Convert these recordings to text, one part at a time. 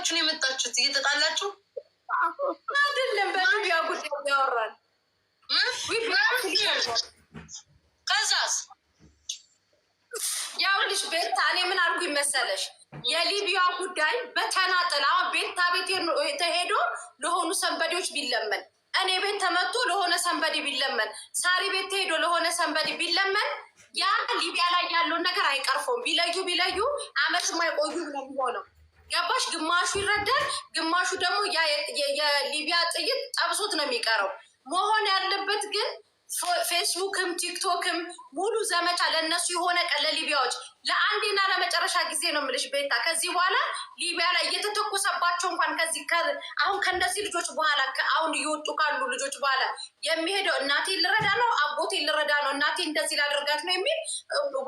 ተጣልታችሁ ነው የመጣችሁት? እየተጣላችሁ አይደለም። በሊቢያ ጉዳይ ያወራል። ከዛስ ያውልሽ ቤታ፣ እኔ ምን አልኩ ይመሰለሽ? የሊቢያ ጉዳይ በተናጠል አሁን ቤታ ቤት ሄዶ ለሆኑ ሰንበዴዎች ቢለመን፣ እኔ ቤት ተመቶ ለሆነ ሰንበዴ ቢለመን፣ ሳሪ ቤት ተሄዶ ለሆነ ሰንበዴ ቢለመን ያ ሊቢያ ላይ ያለውን ነገር አይቀርፈውም። ቢለዩ ቢለዩ አመት ማይቆዩ ነው የሚሆነው። ገባሽ? ግማሹ ይረዳል፣ ግማሹ ደግሞ የሊቢያ ጥይት ጠብሶት ነው የሚቀረው። መሆን ያለበት ግን ፌስቡክም ቲክቶክም ሙሉ ዘመቻ ለእነሱ የሆነ ቀን ለሊቢያዎች ለአንዴና ለመጨረሻ ጊዜ ነው የምልሽ ቤታ። ከዚህ በኋላ ሊቢያ ላይ እየተተኮሰባቸው እንኳን ከዚህ አሁን ከእንደዚህ ልጆች በኋላ አሁን እየወጡ ካሉ ልጆች በኋላ የሚሄደው እናቴ ልረዳ ነው፣ አጎቴ ልረዳ ነው፣ እናቴ እንደዚህ ላደርጋት ነው የሚል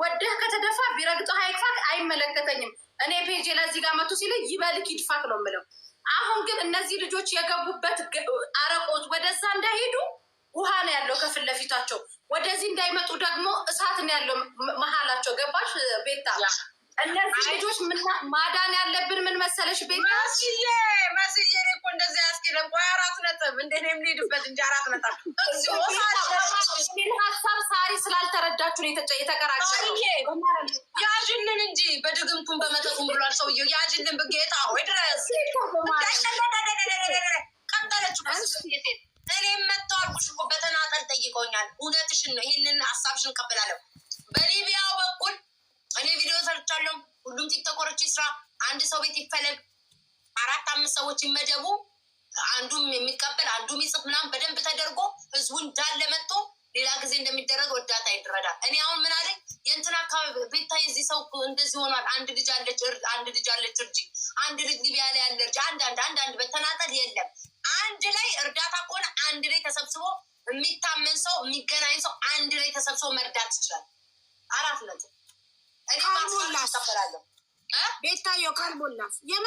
ወደህ ከተደፋ ቢረግጠ ሀይክፋት አይመለከተኝም እኔ ፔጅ ለዚህ ጋር መቶ ሲለ ይበልክ ይድፋክ ነው የምለው። አሁን ግን እነዚህ ልጆች የገቡበት አረቆት ወደዛ እንዳይሄዱ ውሃ ነው ያለው ከፊት ለፊታቸው፣ ወደዚህ እንዳይመጡ ደግሞ እሳት ነው ያለው መሀላቸው። ገባሽ ቤታ? እነዚህ ልጆች ማዳን ያለብን ምን መሰለሽ? ቤት መስዬ መስዬ እኔ እኮ እንደዚህ ያስኬደም ቆይ አራት ነጥብ እንደ እኔ የምንሄድበት እንጂ አራት ነጥብ ሀሳብ ሳሪ ስላልተረዳችሁ የተቀራጨ ያዥንን እንጂ በድግምቱን በመጠጡም ብሏል ሰውየው ያዥንን በጌታ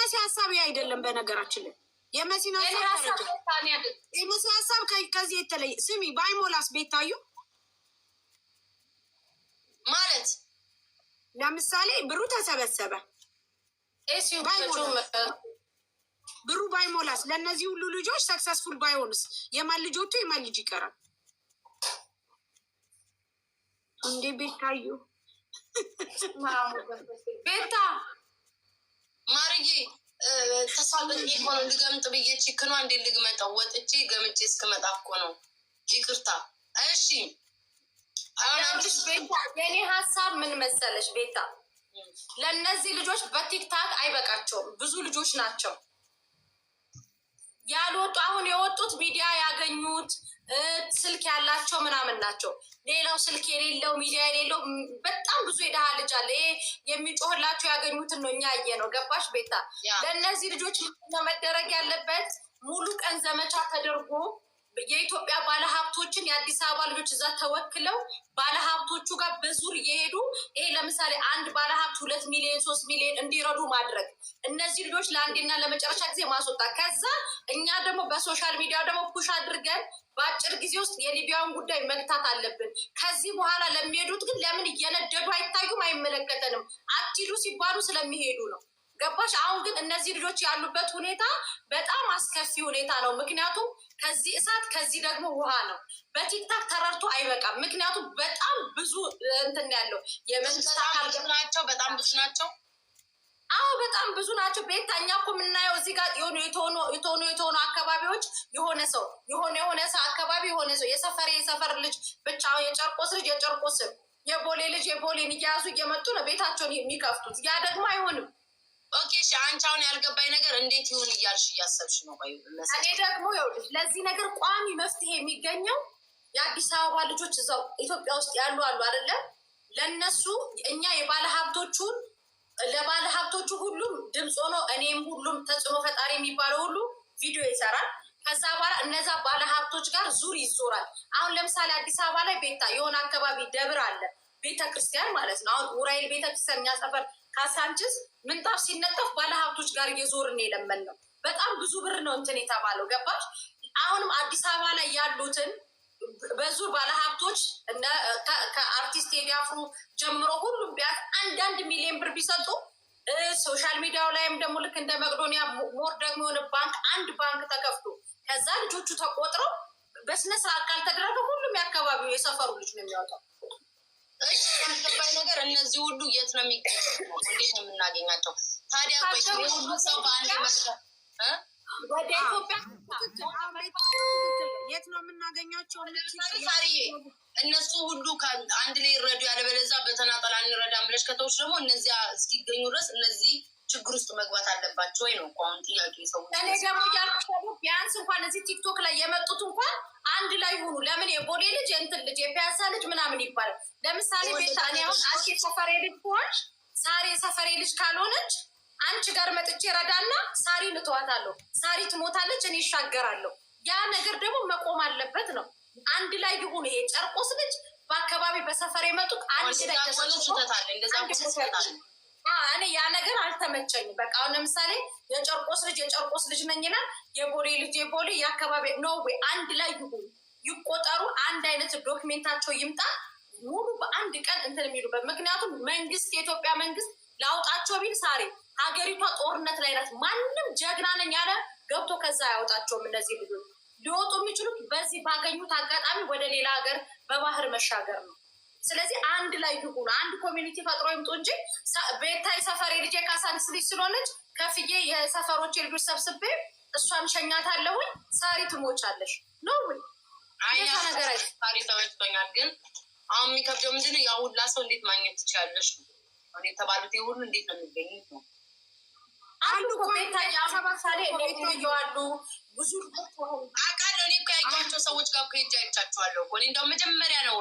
የመሲ ሀሳብ አይደለም። በነገራችን ላይ የመሲን ሀሳብ የመሲ ሀሳብ ከዚህ የተለየ ስሚ ባይሞላስ ቤታዩ ማለት ለምሳሌ ብሩ ተሰበሰበ ብሩ ባይሞላስ ለእነዚህ ሁሉ ልጆች ሰክሰስፉል ባይሆንስ የማን ልጆቹ የማን ልጅ ይቀራል? እንዴ ቤታዩ ቤታ ማርዬ ተሳበት ሆነ ልገምጥ ብዬ ችክኗ እንዴ ልግመጠው ወጥቼ ገምጬ እስክመጣ እኮ ነው። ይቅርታ። እሺ የኔ ሀሳብ ምን መሰለሽ ቤታ፣ ለእነዚህ ልጆች በቲክታክ አይበቃቸውም። ብዙ ልጆች ናቸው ያልወጡ። አሁን የወጡት ሚዲያ ያገኙት ስልክ ያላቸው ምናምን ናቸው። ሌላው ስልክ የሌለው ሚዲያ የሌለው በጣም ብዙ የደሃ ልጅ አለ። ይሄ የሚጮህላቸው ያገኙትን ነው እኛ አየ ነው። ገባሽ ቤታ? ለእነዚህ ልጆች መደረግ ያለበት ሙሉ ቀን ዘመቻ ተደርጎ የኢትዮጵያ ባለሀብቶችን የአዲስ አበባ ልጆች እዛ ተወክለው ባለሀብቶቹ ጋር በዙር እየሄዱ ይሄ ለምሳሌ አንድ ባለሀብት ሁለት ሚሊዮን ሶስት ሚሊዮን እንዲረዱ ማድረግ እነዚህ ልጆች ለአንዴና ለመጨረሻ ጊዜ ማስወጣት ከዛ እኛ ደግሞ በሶሻል ሚዲያ ደግሞ ፑሽ አድርገን በአጭር ጊዜ ውስጥ የሊቢያውን ጉዳይ መግታት አለብን። ከዚህ በኋላ ለሚሄዱት ግን ለምን እየነደዱ አይታዩም? አይመለከተንም አትሂዱ ሲባሉ ስለሚሄዱ ነው። ገባሽ? አሁን ግን እነዚህ ልጆች ያሉበት ሁኔታ በጣም አስከፊ ሁኔታ ነው። ምክንያቱም ከዚህ እሳት ከዚህ ደግሞ ውሃ ነው። በቲክታክ ተረድቶ አይበቃም። ምክንያቱም በጣም ብዙ እንትን ያለው የመንግስት ናቸው። በጣም ብዙ ናቸው። አዎ በጣም ብዙ ናቸው። ቤታኛ እኛ እኮ የምናየው እዚህ ጋር የሆኑ የተሆኑ የተሆኑ አካባቢዎች የሆነ ሰው የሆነ የሆነ ሰው አካባቢ የሆነ ሰው የሰፈር የሰፈር ልጅ ብቻ የጨርቆስ ልጅ የጨርቆስ የቦሌ ልጅ የቦሌን እያያዙ እየመጡ ነው ቤታቸውን የሚከፍቱት። ያ ደግሞ አይሆንም። ኦኬ እሺ፣ አንቺ አሁን ያልገባኝ ነገር እንዴት ይሁን እያልሽ እያሰብሽ ነው? ቆይ እኔ ደግሞ ይኸውልሽ፣ ለዚህ ነገር ቋሚ መፍትሄ የሚገኘው የአዲስ አበባ ልጆች እዛው ኢትዮጵያ ውስጥ ያሉ አሉ አይደለም? ለእነሱ እኛ የባለ ሀብቶቹን ለባለ ሀብቶቹ ሁሉም ድምፅ ሆኖ እኔም ሁሉም ተጽዕኖ ፈጣሪ የሚባለው ሁሉ ቪዲዮ ይሰራል። ከዛ በኋላ እነዛ ባለ ሀብቶች ጋር ዙር ይዞራል። አሁን ለምሳሌ አዲስ አበባ ላይ ቤታ የሆነ አካባቢ ደብር አለ ቤተክርስቲያን ማለት ነው። አሁን ውራይል ቤተክርስቲያን እኛ ከሳንችዝ ምንጣፍ ሲነጠፍ ባለሀብቶች ጋር እየዞርን የለመን ነው። በጣም ብዙ ብር ነው እንትን የተባለው ገባች። አሁንም አዲስ አበባ ላይ ያሉትን በዙ ባለሀብቶች ከአርቲስት ቴዲ አፍሮ ጀምሮ ሁሉም ቢያት አንዳንድ ሚሊዮን ብር ቢሰጡ ሶሻል ሚዲያው ላይም ደግሞ ልክ እንደ መቅዶኒያ ሞር ደግሞ የሆነ ባንክ አንድ ባንክ ተከፍቶ ከዛ ልጆቹ ተቆጥረው በስነስርዓት ካልተደረገ ሁሉም የአካባቢው የሰፈሩ ልጅ ነው የሚያወጣው። ያልገባኝ ነገር እነዚህ ሁሉ የት ነው የሚገኙት? እንዴት ነው የምናገኛቸው? ታዲያ ሁሉ ሰው በአንድ ወደ የት ነው የምናገኛቸው? ሳሪዬ እነሱ ሁሉ አንድ ላይ ይረዱ፣ ያለበለዚያ በተናጠል አንረዳም ብለሽ ከተውሽ ደግሞ እነዚያ እስኪገኙ ድረስ እነዚህ ችግር ውስጥ መግባት አለባቸው ወይ ነው አሁን ጥያቄ። ሰው እኔ ደግሞ እያልኩሽ ቢያንስ እንኳን እዚህ ቲክቶክ ላይ የመጡት እንኳን አንድ ላይ ሆኑ። ለምን የቦሌ ልጅ የእንትን ልጅ የፒያሳ ልጅ ምናምን ይባላል። ለምሳሌ ቤታ እኔ አሁን አንቺ ሰፈሬ ልጅ ከሆንሽ ሳሪ ሰፈሬ ልጅ ካልሆነች አንቺ ጋር መጥቼ ረዳና ሳሪ ልተዋታለሁ። ሳሪ ትሞታለች፣ እኔ ይሻገራለሁ። ያ ነገር ደግሞ መቆም አለበት ነው። አንድ ላይ ይሁኑ። ይሄ ጨርቆስ ልጅ በአካባቢ በሰፈር የመጡት አንድ ላይ ተሰ እኔ ያ ነገር አልተመቸኝም። በቃ አሁን ለምሳሌ የጨርቆስ ልጅ የጨርቆስ ልጅ ነኝና የቦሌ ልጅ የቦሌ የአካባቢ ነው። አንድ ላይ ይሁን ይቆጠሩ፣ አንድ አይነት ዶክሜንታቸው ይምጣ ሙሉ በአንድ ቀን እንትን የሚሉበት ምክንያቱም መንግስት የኢትዮጵያ መንግስት ላውጣቸው ቢል ሳሬ ሀገሪቷ ጦርነት ላይ ናት። ማንም ጀግና ነኝ ያለ ገብቶ ከዛ አያወጣቸውም። እነዚህ ልጆች ሊወጡ የሚችሉት በዚህ ባገኙት አጋጣሚ ወደ ሌላ ሀገር በባህር መሻገር ነው። ስለዚህ አንድ ላይ ግቡ፣ አንድ ኮሚኒቲ ፈጥሮ ይምጡ እንጂ ቤታይ ሰፈር የልጄ ካሳንስ ልጅ ስለሆነች ከፍዬ የሰፈሮች ልጆች ሰብስቤ እሷም ሸኛት አለሁኝ። ሳሪ ትሞቻለሽ ነው ሳሪ ተመችቶኛል። ግን አሁን የሚከብደው ምንድነው? ያ ሁላ ሰው እንዴት ማግኘት ትችላለሽ? የተባሉት ሁሉ እንዴት ነው የሚገኙት ነው አንዱ ኮሜንታ ያሰባሳሌ እንዴት ነው እየዋሉ ብዙ አቃለ እኔ እኮ ያየኋቸው ሰዎች ጋር እኮ ሄጄ አይቻቸዋለሁ እኮ እኔ እንደውም መጀመሪያ ነው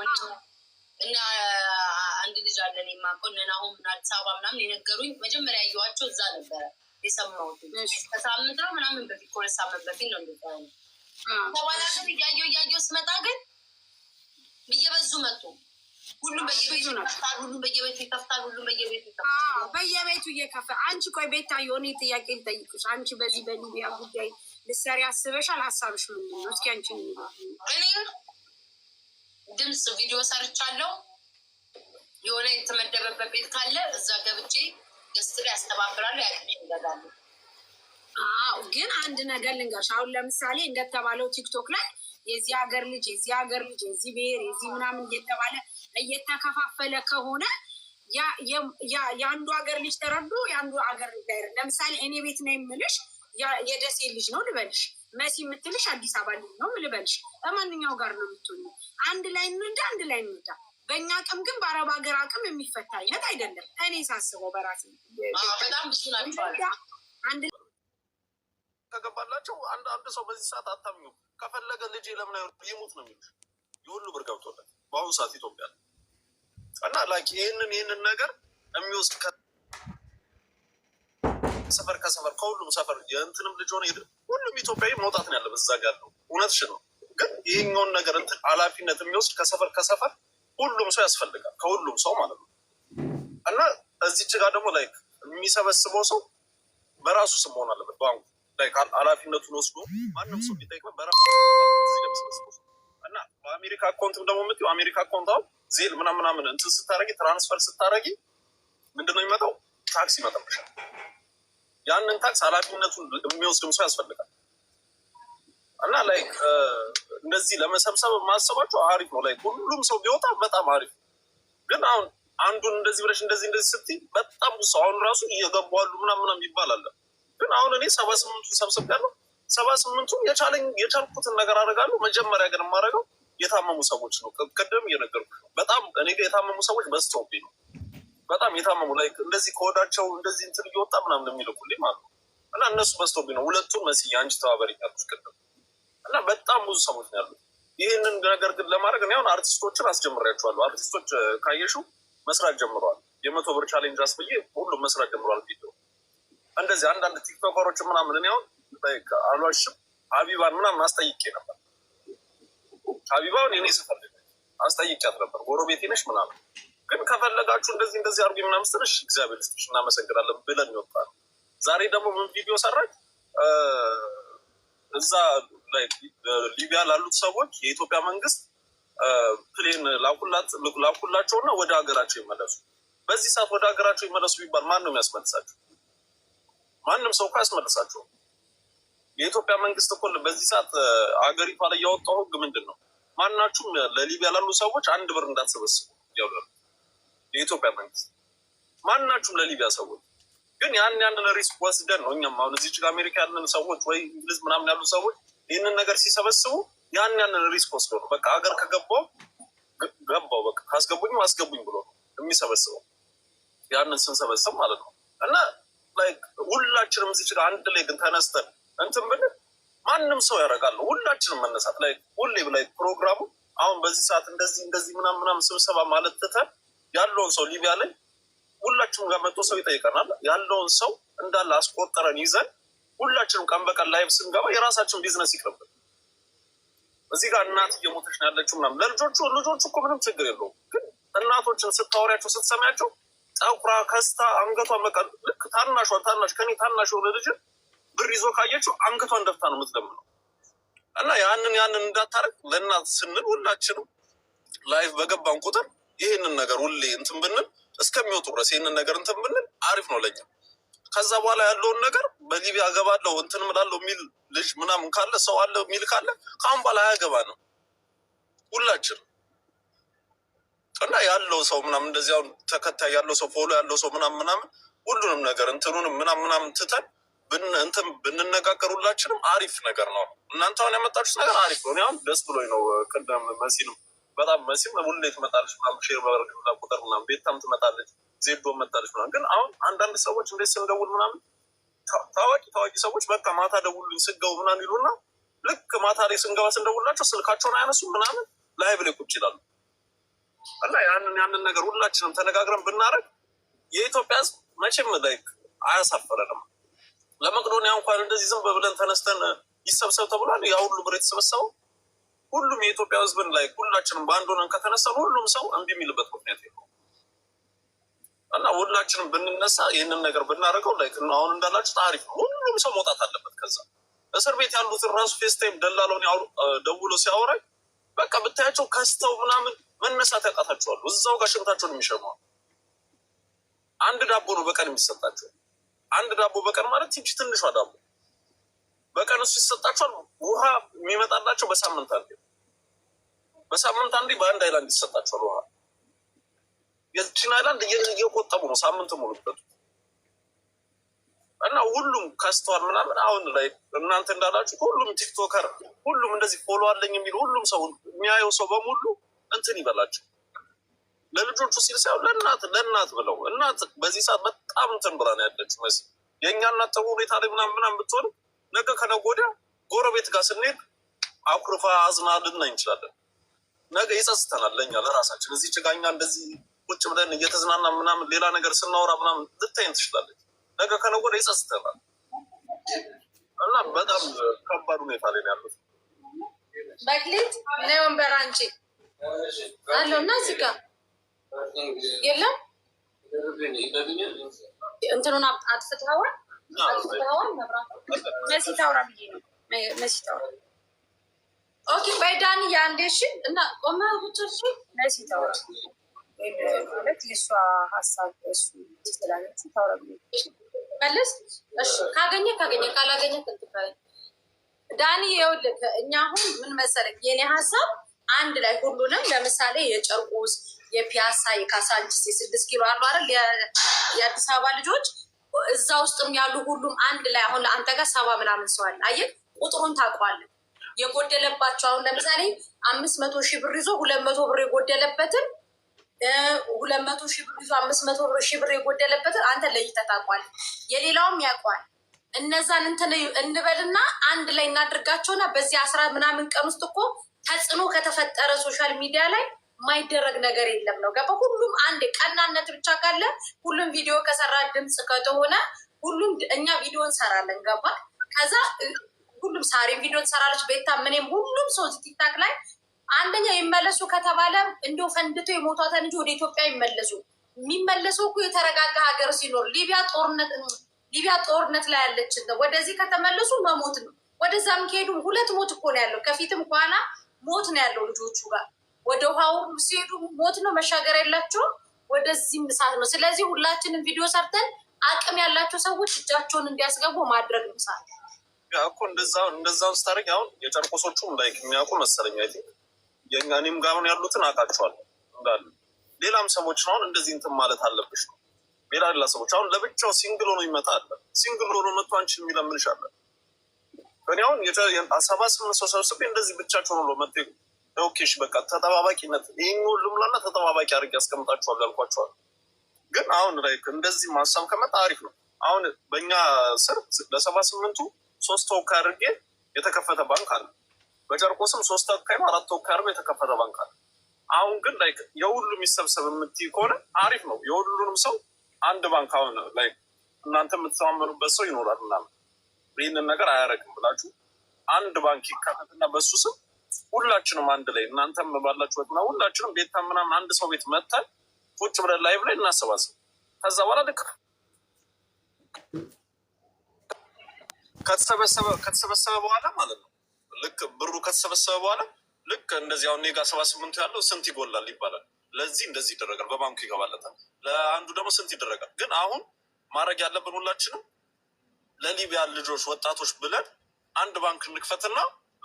እና አንድ ልጅ አለን የማውቀው እነ ናሆም አዲስ አበባ ምናምን የነገሩኝ መጀመሪያ ያየኋቸው እዛ ነበረ የሰማሁት ከሳምንት ነው ምናምን በፊት ከሁለት ሳምንት በፊት ነው እንደ ነው ግን እያየው እያየው ስመጣ ግን እየበዙ መጡ ሁሉም በየቤቱ ይከፍታል ሁሉም በየቤቱ ይከፍታል ሁሉም በየቤቱ ይከፍታል በየቤቱ እየከፈ አንቺ ቆይ ቤታ የሆነ ጥያቄ ልጠይቅሽ አንቺ በዚህ በሊቢያ ጉዳይ ልትሰሪ አስበሻል ሀሳብሽ ምንድን ነው እስኪ አንቺ እኔ ድምፅ ቪዲዮ ሰርቻለሁ። የሆነ የተመደበበት ቤት ካለ እዛ ገብቼ ገስት ላይ ያስተባብራሉ። ያቅሜ ይገዛሉ። አዎ ግን አንድ ነገር ልንገርሽ። አሁን ለምሳሌ እንደተባለው ቲክቶክ ላይ የዚህ ሀገር ልጅ የዚህ ሀገር ልጅ የዚህ ብሔር የዚህ ምናምን እየተባለ እየተከፋፈለ ከሆነ የአንዱ ሀገር ልጅ ተረዶ የአንዱ ሀገር ልጅ ለምሳሌ እኔ ቤት ነው የምልሽ የደሴ ልጅ ነው ልበልሽ መሲ የምትልሽ አዲስ አበባ ልጅ ነው ምልበልሽ። በማንኛው ጋር ነው የምትሆኝ? አንድ ላይ እንርዳ፣ አንድ ላይ እንርዳ። በእኛ አቅም ግን በአረብ ሀገር አቅም የሚፈታ አይነት አይደለም። እኔ ሳስበው በራሴ በጣም ብዙ ናቸው። ከገባላቸው አንድ አንድ ሰው በዚህ ሰዓት አታምኙ። ከፈለገ ልጅ ለምን ይሙት ነው የሚል የሁሉ ብር ገብቶለት በአሁኑ ሰዓት ኢትዮጵያ እና ላይክ ይህንን ይህንን ነገር የሚወስድ ሰፈር ከሰፈር ከሁሉም ሰፈር የእንትንም ልጅ ሆነ ሁሉም ኢትዮጵያዊ መውጣት ነው ያለበት። እዛ ጋር ነው እውነትሽ ነው። ግን ይህኛውን ነገር እንትን ኃላፊነት የሚወስድ ከሰፈር ከሰፈር ሁሉም ሰው ያስፈልጋል። ከሁሉም ሰው ማለት ነው እና እዚች ጋር ደግሞ ላይክ የሚሰበስበው ሰው በራሱ ስም መሆን አለበት። በአንኩ ላይ ኃላፊነቱን ወስዶ ማንም ሰው ቢጠይቅ በራሱ እና በአሜሪካ አካውንትም ደግሞ የምትይው አሜሪካ አካውንት አሁን ዜል ምናምናምን እንትን ስታረጊ ትራንስፈር ስታረጊ ምንድነው የሚመጣው ታክስ ይመጣብሻል። ያንን ታክስ ኃላፊነቱን የሚወስድም ሰው ያስፈልጋል። እና ላይ እንደዚህ ለመሰብሰብ ማሰባቸው አሪፍ ነው። ላይ ሁሉም ሰው ቢወጣ በጣም አሪፍ ነው። ግን አሁን አንዱን እንደዚህ ብለሽ እንደዚህ እንደዚህ ስትይ በጣም ብዙ ሰው አሁን ራሱ እየገባዋሉ ምናምናም ይባላል። ግን አሁን እኔ ሰባ ስምንቱ ሰብሰብ ያለው ሰባ ስምንቱ የቻለኝ የቻልኩትን ነገር አደርጋለሁ። መጀመሪያ ግን የማደርገው የታመሙ ሰዎች ነው። ቅድም እየነገርኩሽ በጣም እኔ የታመሙ ሰዎች በዝተውብኝ ነው። በጣም የታመሙ ላይ እንደዚህ ከወዳቸው እንደዚህ እንትን እየወጣ ምናምን የሚልኩልኝ ማለት ነው። እና እነሱ በዝቶብኝ ነው። ሁለቱን መስ መስዬ አንቺ ተባበሪኛለች ቅድም እና በጣም ብዙ ሰዎች ነው ያሉት። ይህንን ነገር ግን ለማድረግ እኔ አሁን አርቲስቶችን አስጀምሬያቸዋለሁ። አርቲስቶች ካየሽው መስራት ጀምረዋል። የመቶ ብር ቻሌንጅ አስብዬ ሁሉም መስራት ጀምረዋል። ቪዲዮ እንደዚህ አንዳንድ ቲክቶከሮች ምናምን እኔ አሁን አሏሽም ሀቢባን ምናምን አስጠይቄ ነበር። ሀቢባውን እኔ ስፈልግ አስጠይቄያት ነበር። ጎረቤቴ ነሽ ምናምን ግን ከፈለጋችሁ እንደዚህ እንደዚህ አርጉ ምናምን ስትል እሺ እግዚአብሔር ስጥሽ እናመሰግናለን ብለን ይወጣል። ዛሬ ደግሞ ምን ቪዲዮ ሰራች እዛ ሊቢያ ላሉት ሰዎች የኢትዮጵያ መንግስት ፕሌን ላኩላቸውና ወደ ሀገራቸው ይመለሱ። በዚህ ሰዓት ወደ ሀገራቸው ይመለሱ ቢባል ማን ነው ያስመልሳቸው? ማንም ሰው እኮ ያስመልሳቸው። የኢትዮጵያ መንግስት እኮ በዚህ ሰዓት አገሪቷ ላይ ያወጣው ህግ ምንድን ነው? ማናችሁም ለሊቢያ ላሉ ሰዎች አንድ ብር እንዳትሰበስቡ ያውላሉ። የኢትዮጵያ መንግስት ማናችሁም ለሊቢያ ሰዎች ግን ያን ያንን ሪስክ ወስደን ነው እኛም አሁን እዚህ ጭግ አሜሪካ ያለን ሰዎች ወይ እንግሊዝ ምናምን ያሉ ሰዎች ይህንን ነገር ሲሰበስቡ ያን ያንን ሪስክ ወስዶ ነው በቃ ሀገር ከገባው ገባው በቃ ካስገቡኝም አስገቡኝ ብሎ ነው የሚሰበስበው። ያንን ስንሰበስብ ማለት ነው እና ሁላችንም እዚህ ጭግ አንድ ላይ ግን ተነስተን እንትን ብንል ማንም ሰው ያደርጋል። ሁላችንም መነሳት ላይ ሁሌ ላይ ፕሮግራሙ አሁን በዚህ ሰዓት እንደዚህ እንደዚህ ምናምን ምናምን ስብሰባ ማለት ትተን ያለውን ሰው ሊቢያ ላይ ሁላችንም ጋር መጥቶ ሰው ይጠይቀናል። ያለውን ሰው እንዳለ አስቆጠረን ይዘን ሁላችንም ቀን በቀን ላይፍ ስንገባ የራሳችን ቢዝነስ ይቅርብን። እዚህ ጋር እናት እየሞተች ነው ያለችው ምናምን ለልጆቹ ልጆቹ እኮ ምንም ችግር የለውም፣ ግን እናቶችን ስታወሪያቸው ስትሰሚያቸው ጠቁራ ከስታ አንገቷን በቃ ልክ ታናሿን ታናሽ ከኔ ታናሽ የሆነ ልጅ ብር ይዞ ካየችው አንገቷን ደፍታ ነው የምትለምነው። እና ያንን ያንን እንዳታረግ ለእናት ስንል ሁላችንም ላይፍ በገባን ቁጥር ይህንን ነገር ሁሌ እንትን ብንል እስከሚወጡ ድረስ ይህንን ነገር እንትን ብንል አሪፍ ነው ለኛ። ከዛ በኋላ ያለውን ነገር በሊቢያ ገባለው እንትን ምላለው የሚል ልጅ ምናምን ካለ ሰው አለ የሚል ካለ ከአሁን በኋላ አያገባ ነው ሁላችን እና ያለው ሰው ምናምን እንደዚህ ተከታይ ያለው ሰው ፎሎ ያለው ሰው ምናምን ምናምን ሁሉንም ነገር እንትኑንም ምናምን ምናምን ትተን እንትን ብንነጋገር ሁላችንም አሪፍ ነገር ነው። እናንተ አሁን ያመጣችሁት ነገር አሪፍ ነው። አሁን ደስ ብሎኝ ነው። ቅድም መሲንም በጣም መሲም ሙሌ ትመጣለች ምናምን ሼር በበርግ ቁጥር ምናምን ቤታም ትመጣለች ዜዶ መጣለች ምናምን። ግን አሁን አንዳንድ ሰዎች እንዴት ስንደውል ምናምን ታዋቂ ታዋቂ ሰዎች በቃ ማታ ደውሉኝ ስገቡ ምናምን ይሉና ልክ ማታ ላይ ስንገባ ስንደውልላቸው ስልካቸውን አያነሱም ምናምን ላይ ላይ ቁጭ ይላሉ። እና ያንን ያንን ነገር ሁላችንም ተነጋግረን ብናደርግ የኢትዮጵያ ሕዝብ መቼም ላይ አያሳፈረንም። ለመቅዶኒያ እንኳን እንደዚህ ዝም ብለን ተነስተን ይሰብሰብ ተብሏል። ያ ሁሉ ብር የተሰበሰበው ሁሉም የኢትዮጵያ ህዝብን ላይ ሁላችንም በአንድ ሆነን ከተነሳን ሁሉም ሰው እምቢ የሚልበት ምክንያት የለውም እና ሁላችንም ብንነሳ ይህንን ነገር ብናደርገው ላይ አሁን እንዳላችሁ ታሪፍ ነው። ሁሉም ሰው መውጣት አለበት። ከዛ እስር ቤት ያሉትን ራሱ ፌስታይም ደላለውን ደውሎ ሲያወራኝ በቃ ብታያቸው ከስተው ምናምን መነሳት ያቃታቸዋሉ። እዛው ጋር ሽንታቸውን የሚሸመዋል። አንድ ዳቦ ነው በቀን የሚሰጣቸው። አንድ ዳቦ በቀን ማለት ትንሿ ዳቦ በቀን እሱ ይሰጣቸዋል። ውሃ የሚመጣላቸው በሳምንት አንዴ በሳምንት አንዴ በአንድ አይላንድ ይሰጣቸዋል ውሃ። የዚችን አይላንድ እየቆጠቡ ነው ሳምንት ሙሉበት እና ሁሉም ከስተዋል ምናምን። አሁን ላይ እናንተ እንዳላችሁ ሁሉም ቲክቶከር፣ ሁሉም እንደዚህ ፎሎ አለኝ የሚል ሁሉም ሰው የሚያየው ሰው በሙሉ እንትን ይበላቸው ለልጆቹ ሲል ሳይሆን ለእናት ለእናት ብለው እናት በዚህ ሰዓት በጣም እንትን ብላ ነው ያለችው። መሲ የእኛ እናት ጥሩ ሁኔታ ላይ ምናምን ምናምን ብትሆን ነገ ከነገ ወዲያ ጎረቤት ጋር ስንሄድ አኩርፋ አዝና ልናይ እንችላለን። ነገ ይጸጽተናል፣ ለኛ ለራሳችን እዚህ ጭጋኛ እንደዚህ ቁጭ ብለን እየተዝናና ምናምን ሌላ ነገር ስናወራ ምናምን ልታይን ትችላለች። ነገ ከነገ ወዲያ ይጸጽተናል እና በጣም ከባድ ሁኔታ ላይ ያሉት በክሊት ነ ወንበር አንቺ አለው እና እዚህ ጋር የለም እንትኑን አጥፍተዋል መሲ ታውራ ብዬ ነው። መሲ ታውራ ኦኬ። በይ ዳኒ የአንዴ እሺ። እና ቆመ ብቻ መሲ ታውራ ማለት የእሷ ሀሳብ እሱ ስላለች ታውራ ብዬ መለስ። እሺ ካገኘ ካገኘ ካላገኘ ትንትባለ ዳኒ እኛ አሁን ምን የኔ ሀሳብ አንድ ላይ ሁሉንም ለምሳሌ የጨርቁስ የፒያሳ የካሳንቺስ የስድስት ኪሎ አሉ አይደል የአዲስ አበባ ልጆች እዛ ውስጥም ያሉ ሁሉም አንድ ላይ አሁን ለአንተ ጋር ሰባ ምናምን ሰው አለ። አየህ ቁጥሩን ታውቀዋለህ። የጎደለባቸው አሁን ለምሳሌ አምስት መቶ ሺህ ብር ይዞ ሁለት መቶ ብር የጎደለበትን ሁለት መቶ ሺህ ብር ይዞ አምስት መቶ ሺህ ብር የጎደለበትን አንተ ለይተህ ታውቀዋለህ። የሌላውም ያውቀዋል። እነዛን እንትን እንበልና አንድ ላይ እናድርጋቸውና በዚህ አስራ ምናምን ቀን ውስጥ እኮ ተጽዕኖ ከተፈጠረ ሶሻል ሚዲያ ላይ ማይደረግ ነገር የለም ነው ገባ። ሁሉም አንድ ቀናነት ብቻ ካለ ሁሉም ቪዲዮ ከሰራ ድምፅ ከተሆነ ሁሉም እኛ ቪዲዮ እንሰራለን ገባ። ከዛ ሁሉም ሳሬን ቪዲዮ ትሰራለች፣ ቤታ ምንም፣ ሁሉም ሰው ቲክታክ ላይ አንደኛ ይመለሱ ከተባለ እንደው ፈንድቶ የሞቷተን እንጂ ወደ ኢትዮጵያ ይመለሱ። የሚመለሰው እኮ የተረጋጋ ሀገር ሲኖር ሊቢያ ጦርነት ሊቢያ ጦርነት ላይ ያለች ነው። ወደዚህ ከተመለሱ መሞት ነው። ወደዛም ከሄዱ ሁለት ሞት እኮ ነው ያለው። ከፊትም ከኋላ ሞት ነው ያለው ልጆቹ ጋር ወደ ውሃው ሲሄዱ ሞት ነው መሻገር ያላቸው ወደዚህም እሳት ነው። ስለዚህ ሁላችንም ቪዲዮ ሰርተን አቅም ያላቸው ሰዎች እጃቸውን እንዲያስገቡ ማድረግ ነው። እሳት እኮ እንደዛ ስታደርግ አሁን የጨርቆሶቹ ላይ የሚያውቁ መሰለኝ አይ የእኛኔም እኔም ጋር አሁን ያሉትን አውቃቸዋለሁ እንዳለ ሌላም ሰዎች አሁን እንደዚህ እንትን ማለት አለብሽ ነው። ሌላ ሌላ ሰዎች አሁን ለብቻው ሲንግል ሆኖ ይመጣ አለ ሲንግል ሆኖ መጥቶ አንቺን የሚለምንሽ አለ። እኔ አሁን ሰባ ስምንት ሰው ሰብስቤ እንደዚህ ብቻቸው ሆኖ መጥቶ ኦኬሽ በቃ ተጠባባቂነት ይህን ሁሉም ላና ተጠባባቂ አድርጌ ያስቀምጣችኋል ያልኳቸዋል። ግን አሁን ላይ እንደዚህ ማሳብ ከመጣ አሪፍ ነው። አሁን በእኛ ስር ለሰባ ስምንቱ ሶስት ተወካይ አድርጌ የተከፈተ ባንክ አለ። በጨርቆስም ሶስት ተወካይም አራት ተወካይ አድርጎ የተከፈተ ባንክ አለ። አሁን ግን ላይ የሁሉም ይሰብሰብ የምትይ ከሆነ አሪፍ ነው። የሁሉንም ሰው አንድ ባንክ አሁን ላይ እናንተ የምትተማመኑበት ሰው ይኖራል ምናምን ይህንን ነገር አያደርግም ብላችሁ አንድ ባንክ ይካፈትና በሱ ስም ሁላችንም አንድ ላይ እናንተም ባላችሁበት ና ሁላችንም ቤታ ምናምን አንድ ሰው ቤት መተን ቁጭ ብለን ላይቭ ላይ እናሰባስብ። ከዛ በኋላ ልክ ከተሰበሰበ በኋላ ማለት ነው ልክ ብሩ ከተሰበሰበ በኋላ ልክ እንደዚህ አሁን ኔጋ ሰባ ስምንቱ ያለው ስንት ይጎላል ይባላል። ለዚህ እንደዚህ ይደረጋል፣ በባንኩ ይገባለታል። ለአንዱ ደግሞ ስንት ይደረጋል። ግን አሁን ማድረግ ያለብን ሁላችንም ለሊቢያ ልጆች ወጣቶች ብለን አንድ ባንክ እንክፈትና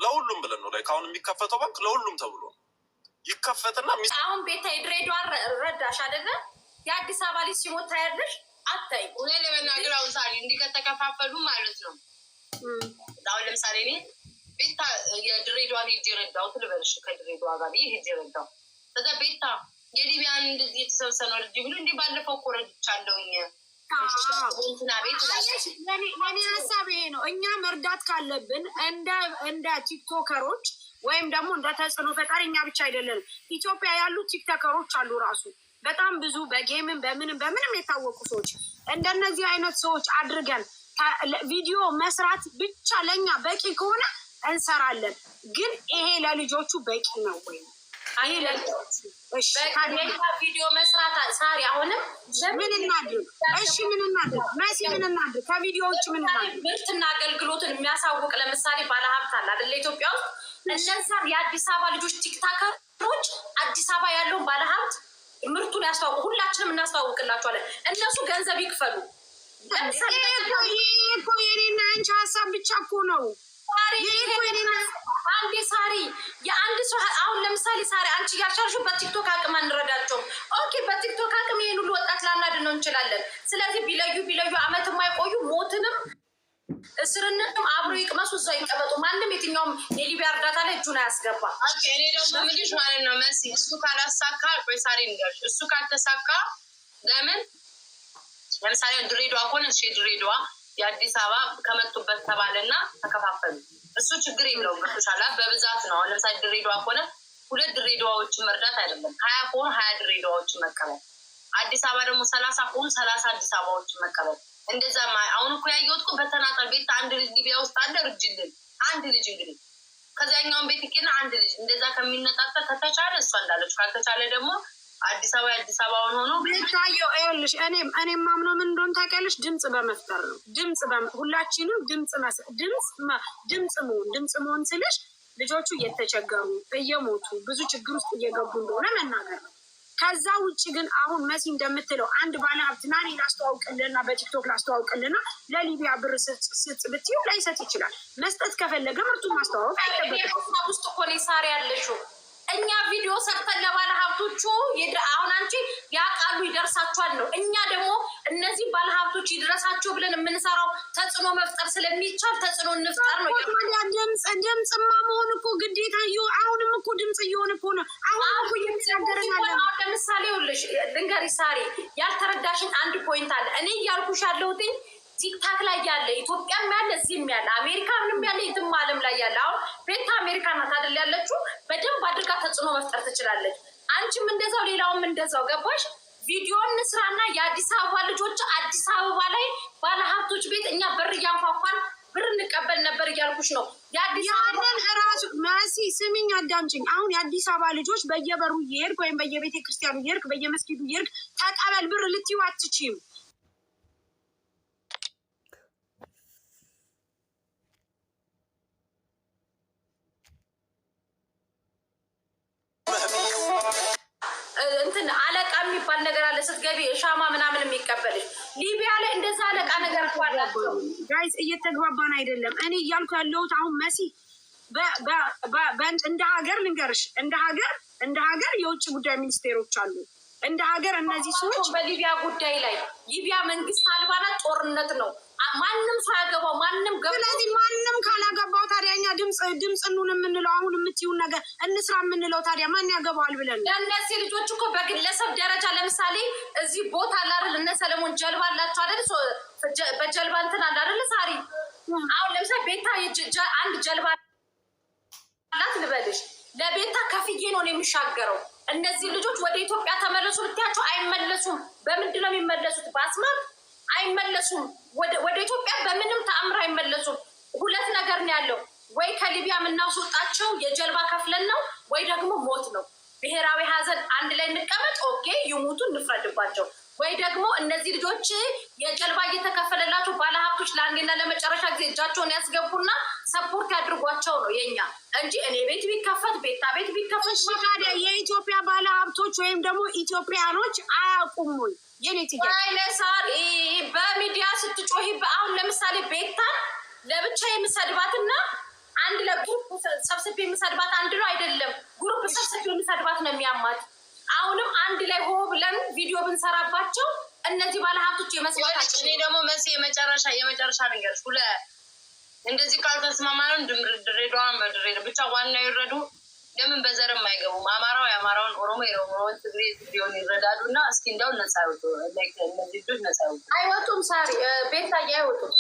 ለሁሉም ብለን ነው። ላይ ከአሁን የሚከፈተው ባንክ ለሁሉም ተብሎ ነው ይከፈትና አሁን ቤታ ድሬዳዋ ረዳሽ አደለ? የአዲስ አበባ ልጅ ሲሞት ታያለሽ አታይ። እኔ ለመናገር አሁን ሳሪ እንዲህ ከተከፋፈሉ ማለት ነው። አሁን ለምሳሌ እኔ ቤታ የድሬዳዋን ሄጅ የረዳው ትልበልሽ ከድሬዳዋ ጋር ብዬ ሄጅ የረዳው ከዛ ቤታ የሊቢያን እንደዚህ የተሰብሰነው ልጅ ብሎ እንዲህ ባለፈው እኮ ረድቻለሁኝ ለእኔ ሀሳብ ይሄ ነው። እኛ መርዳት ካለብን እንደ ቲክቶከሮች ወይም ደግሞ እንደ ተጽዕኖ ፈጣሪ እኛ ብቻ አይደለንም። ኢትዮጵያ ያሉ ቲክቶከሮች አሉ ራሱ በጣም ብዙ በጌምም በምንም በምንም የታወቁ ሰዎች እንደነዚህ አይነት ሰዎች አድርገን ቪዲዮ መስራት ብቻ ለእኛ በቂ ከሆነ እንሰራለን። ግን ይሄ ለልጆቹ በቂ ነው ወይም ይሄ ለልጆቹ ቪዲዮ መስራት ሳሪ፣ አሁንም ምን እናድርግ? እሺ ምን እናድርግ? መሲ ምን እናድርግ? ከቪዲዮ ውጭ ምን እናድርግ? ምርትና አገልግሎትን የሚያሳውቅ ለምሳሌ ባለሀብት አለ አይደለ? ኢትዮጵያ ውስጥ እነዛን የአዲስ አበባ ልጆች ቲክታከሮች፣ አዲስ አበባ ያለውን ባለሀብት ምርቱን ያስተዋውቁ። ሁላችንም እናስተዋውቅላቸዋለን። እነሱ ገንዘብ ይክፈሉ። ይሄ እኮ የኔና አንቺ ሀሳብ ብቻ እኮ ነው። አንዴ ሳሪ የአንድ ሰው አሁን ለምሳሌ ሳሪ አንቺ እያልሻልሹ በቲክቶክ አቅም አንረዳቸውም። ኦኬ በቲክቶክ አቅም ይህን ሁሉ ወጣት ላናድነው እንችላለን። ስለዚህ ቢለዩ ቢለዩ አመት የማይቆዩ ሞትንም እስርነትም አብሮ ይቅመሱ፣ እዛው ይቀመጡ። ማንም የትኛውም የሊቢያ እርዳታ ላይ እጁን አያስገባ። እኔ ደግሞ ምልሽ ማለት ነው መሲ እሱ ካላሳካ ወይ ሳሪ ንገር እሱ ካልተሳካ ለምን ለምሳሌ ድሬዳዋ ከሆነ ድሬዷ የአዲስ አበባ ከመጡበት ተባለና ተከፋፈሉ። እሱ ችግር የለውም። ገብቶሻል። በብዛት ነው። ለምሳሌ ድሬዳዋ ከሆነ ሁለት ድሬዳዋዎችን መርዳት አይደለም፣ ሀያ ከሆኑ ሀያ ድሬዳዋዎችን መቀበል። አዲስ አበባ ደግሞ ሰላሳ ከሆኑ ሰላሳ አዲስ አበባዎችን መቀበል። እንደዛ አሁን እኮ ያየሁት እኮ በተናጠል ቤት አንድ ልጅ ግቢያ ውስጥ አለ ርጅልን አንድ ልጅ እንግዲህ ከዚያኛውን ቤት ይኬና አንድ ልጅ እንደዛ ከሚነጣጠል ከተቻለ እሷ እንዳለች ካልተቻለ ደግሞ አዲስ አበባ አዲስ አበባውን ሆኖ ቤታየው ያለሽ እኔም እኔም ማምኖ ምን እንደሆነ ታውቂያለሽ? ድምፅ በመፍጠር ነው። ድምፅ ሁላችንም ድምፅ ድምፅ ድምፅ መሆን ድምፅ መሆን ስልሽ ልጆቹ እየተቸገሩ እየሞቱ ብዙ ችግር ውስጥ እየገቡ እንደሆነ መናገር ነው። ከዛ ውጭ ግን አሁን መሲ እንደምትለው አንድ ባለሀብትና ናኔ ላስተዋውቅልና በቲክቶክ ላስተዋውቅልና ለሊቢያ ብር ስጥ ብትይው ላይሰጥ ይችላል። መስጠት ከፈለገ ምርቱን ማስተዋወቅ አይጠበቅም። ውስጥ እኮ ሳሪ ያለሽው እኛ ቪዲዮ ሰርተን ለባለ ሀብቶቹ አሁን አንቺ ያውቃሉ ይደርሳቸዋል ነው። እኛ ደግሞ እነዚህ ባለ ሀብቶች ይድረሳቸው ብለን የምንሰራው ተጽዕኖ መፍጠር ስለሚቻል ተጽዕኖ እንፍጠር ነው። ድምፅ ድምፅማ መሆን እኮ ግዴታ አሁንም እኮ ድምፅ እየሆን እኮ ነው። አሁን ለምሳሌ ልሽ ድንገሪ ሳሪ ያልተረዳሽን አንድ ፖይንት አለ እኔ እያልኩሽ ያለሁትኝ ቲክታክ ላይ ያለ ኢትዮጵያም ያለ እዚህም ያለ አሜሪካ ምንም ያለ የትም አለም ላይ ያለ አሁን ቤታ አሜሪካ ናት አይደል ያለችው፣ በደንብ አድርጋ ተጽዕኖ መፍጠር ትችላለች። አንቺም እንደዛው ሌላውም እንደዛው ገባሽ። ቪዲዮን ስራና የአዲስ አበባ ልጆች አዲስ አበባ ላይ ባለሀብቶች ቤት እኛ በር እያንኳኳን ብር እንቀበል ነበር እያልኩሽ ነው። ያንን እራሱ መሲ ስሚኝ፣ አዳምጪኝ። አሁን የአዲስ አበባ ልጆች በየበሩ እየሄድክ ወይም በየቤተ ክርስቲያኑ እየሄድክ በየመስጊዱ እየሄድክ ተቀበል ብር ልትይው አትችይም። እንትን አለቃ የሚባል ነገር አለ። ስትገቢ ሻማ ምናምን የሚቀበልሽ ሊቢያ ላይ እንደዛ አለቃ ነገር አላቸው። ጋይስ እየተግባባን አይደለም። እኔ እያልኩ ያለሁት አሁን መሲ እንደ ሀገር ልንገርሽ፣ እንደ ሀገር እንደ ሀገር የውጭ ጉዳይ ሚኒስቴሮች አሉ። እንደ ሀገር እነዚህ ሰዎች በሊቢያ ጉዳይ ላይ ሊቢያ መንግስት አልባ ጦርነት ነው ማንም ሳያገባው ማንም ገ ስለዚህ ማንም ካላገባው ታዲያ እኛ ድምፅ ድምፅ ኑን የምንለው አሁን የምትዩን ነገር እንስራ የምንለው ታዲያ ማን ያገባዋል ብለን ለእነዚህ ልጆች እኮ በግለሰብ ደረጃ ለምሳሌ እዚህ ቦታ አላደል እነ ሰለሞን ጀልባ አላቸው አደል በጀልባ እንትን አለ አደል ሳሪ አሁን ለምሳሌ ቤታ አንድ ጀልባ አላት ልበልሽ ለቤታ ከፍዬ ነው የሚሻገረው እነዚህ ልጆች ወደ ኢትዮጵያ ተመለሱ ልትያቸው አይመለሱም በምንድን ነው የሚመለሱት በአስማት አይመለሱም ወደ ኢትዮጵያ በምንም ተአምር አይመለሱም። ሁለት ነገር ነው ያለው፣ ወይ ከሊቢያ የምናስወጣቸው የጀልባ ከፍለን ነው፣ ወይ ደግሞ ሞት ነው። ብሔራዊ ሀዘን አንድ ላይ እንቀመጥ፣ ኦኬ ይሙቱ፣ እንፍረድባቸው። ወይ ደግሞ እነዚህ ልጆች የጀልባ እየተከፈለላቸው ባለሀብቶች ለአንዴና ለመጨረሻ ጊዜ እጃቸውን ያስገቡና ሰፖርት ያድርጓቸው ነው የኛ እንጂ እኔ ቤት ቢከፈት ቤታ ቤት ቢከፈት የኢትዮጵያ ባለሀብቶች ወይም ደግሞ ኢትዮጵያኖች አያቁሙኝ የኔ ትያ ሳሪ ይሄ አሁን ለምሳሌ ቤታን ለብቻ የምሰድባትና አንድ ለግሩፕ ሰብስቤ የምሰድባት አንድ ነው አይደለም። ግሩፕ ሰብስቤ የምሰድባት ነው የሚያማት። አሁንም አንድ ላይ ሆ ብለን ቪዲዮ ብንሰራባቸው እነዚህ ባለሀብቶች የመስዋዕት እኔ ደግሞ መስ የመጨረሻ የመጨረሻ ነገር ሁለ እንደዚህ ካልተስማማን ድሬዳዋን በድሬ ብቻ ዋና ይረዱ ለምን በዘርም አይገቡም? አማራው የአማራውን፣ ኦሮሞ የኦሮሞውን፣ ትግሬ ትግሬውን ይረዳሉ። እና እስኪ እንደው ነጻ ይወጡ እነዚህ ልጆች ነጻ ይወጡ። አይወጡም፣ ሳሪ ቤት ላይ አይወጡም።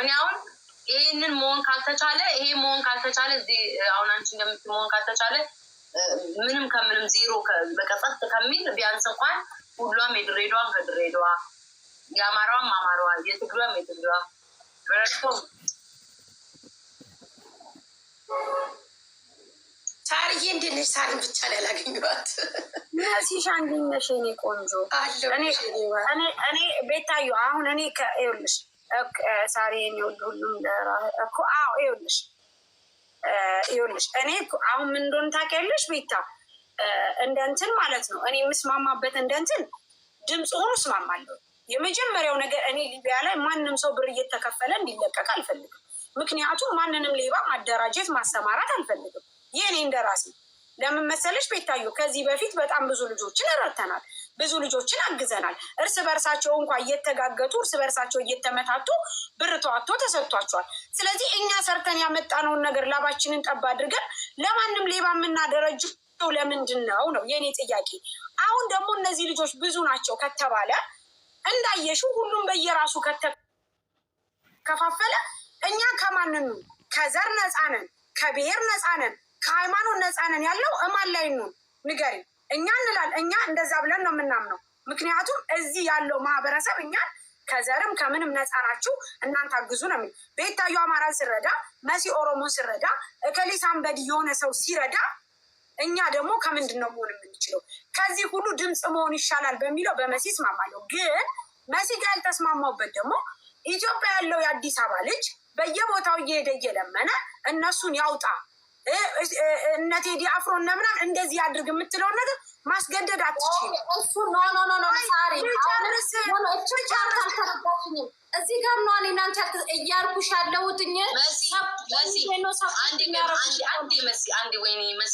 እኔ አሁን ይህንን መሆን ካልተቻለ ይሄ መሆን ካልተቻለ እዚህ አሁን አንቺ እንደምትል መሆን ካልተቻለ ምንም ከምንም ዜሮ በቀጠት ከሚል ቢያንስ እንኳን ሁሏም የድሬዳዋን ከድሬዳዋ የአማራዋም አማራዋ የትግሯም የትግሯ ሳርዬ እንደት ነሽ? ሳርን ብቻ ላይ ያላገኘኋት መሲሻ እንደት ነሽ የእኔ ቆንጆ? እኔ ቤታዬ አሁን እኔ ይኸውልሽ ሳሪ የሚወዱ ሁሉም እኮ አዎ፣ ይኸውልሽ ይኸውልሽ እኔ አሁን ምን እንደሆነ ታውቂያለሽ ቤታ እንደ እንትን ማለት ነው እኔ የምስማማበት እንደ እንትን ድምፅ ሆኖ እስማማለሁ። የመጀመሪያው ነገር እኔ ሊቢያ ላይ ማንም ሰው ብር እየተከፈለ እንዲለቀቅ አልፈልግም። ምክንያቱም ማንንም ሌባ ማደራጀት ማሰማራት አልፈልግም። የእኔ እንደራሴ ለምን መሰለሽ ቤታዮ፣ ከዚህ በፊት በጣም ብዙ ልጆችን ረድተናል፣ ብዙ ልጆችን አግዘናል። እርስ በርሳቸው እንኳ እየተጋገጡ እርስ በርሳቸው እየተመታቱ ብር ተዋቶ ተሰጥቷቸዋል። ስለዚህ እኛ ሰርተን ያመጣነውን ነገር ላባችንን ጠብ አድርገን ለማንም ሌባ የምናደረጅው ለምንድን ነው ነው የእኔ ጥያቄ። አሁን ደግሞ እነዚህ ልጆች ብዙ ናቸው ከተባለ እንዳየሹ ሁሉም በየራሱ ከተከፋፈለ እኛ ከማንኑ ከዘር ነፃ ነን፣ ከብሔር ነፃ ነን ከሃይማኖት ነፃ ነን ያለው እማን ላይ ኑ ንገሪ። እኛ እንላል እኛ እንደዛ ብለን ነው የምናምነው። ምክንያቱም እዚህ ያለው ማህበረሰብ እኛን ከዘርም ከምንም ነፃ ናችሁ እናንተ አግዙ ነው የሚል ቤታዩ አማራን ስረዳ፣ መሲ ኦሮሞን ስረዳ፣ እከሌ ሳንበዲ የሆነ ሰው ሲረዳ እኛ ደግሞ ከምንድን ነው መሆን የምንችለው? ከዚህ ሁሉ ድምፅ መሆን ይሻላል በሚለው በመሲ እስማማለሁ። ግን መሲ ጋር ያልተስማማውበት ደግሞ ኢትዮጵያ ያለው የአዲስ አበባ ልጅ በየቦታው እየሄደ እየለመነ እነሱን ያውጣ እነ ቴዲ አፍሮ እነ ምናምን እንደዚህ አድርግ የምትለውን ነገር ማስገደድ አትችል። ጋር ነ እናንተ እያልኩሽ ያለሁትኝ።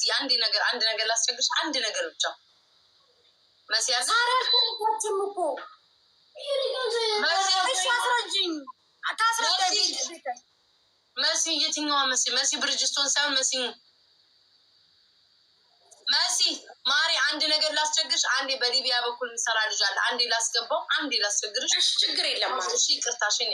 አንዴ ነገር አንድ ነገር ላስቸግርሽ፣ አንድ ነገር ብቻ መሲ እኮ ታስረጅኝ ታስረዳ መሲ የትኛዋ መሲ? መሲ ብርጅስቶን ሳይሆን መሲ መሲ ማሪ፣ አንድ ነገር ላስቸግርሽ። አንዴ በሊቢያ በኩል የሚሰራ ልጅ አለ። አንዴ ላስገባው፣ አንዴ ላስቸግርሽ። ችግር የለም። እሺ ይቅርታሽን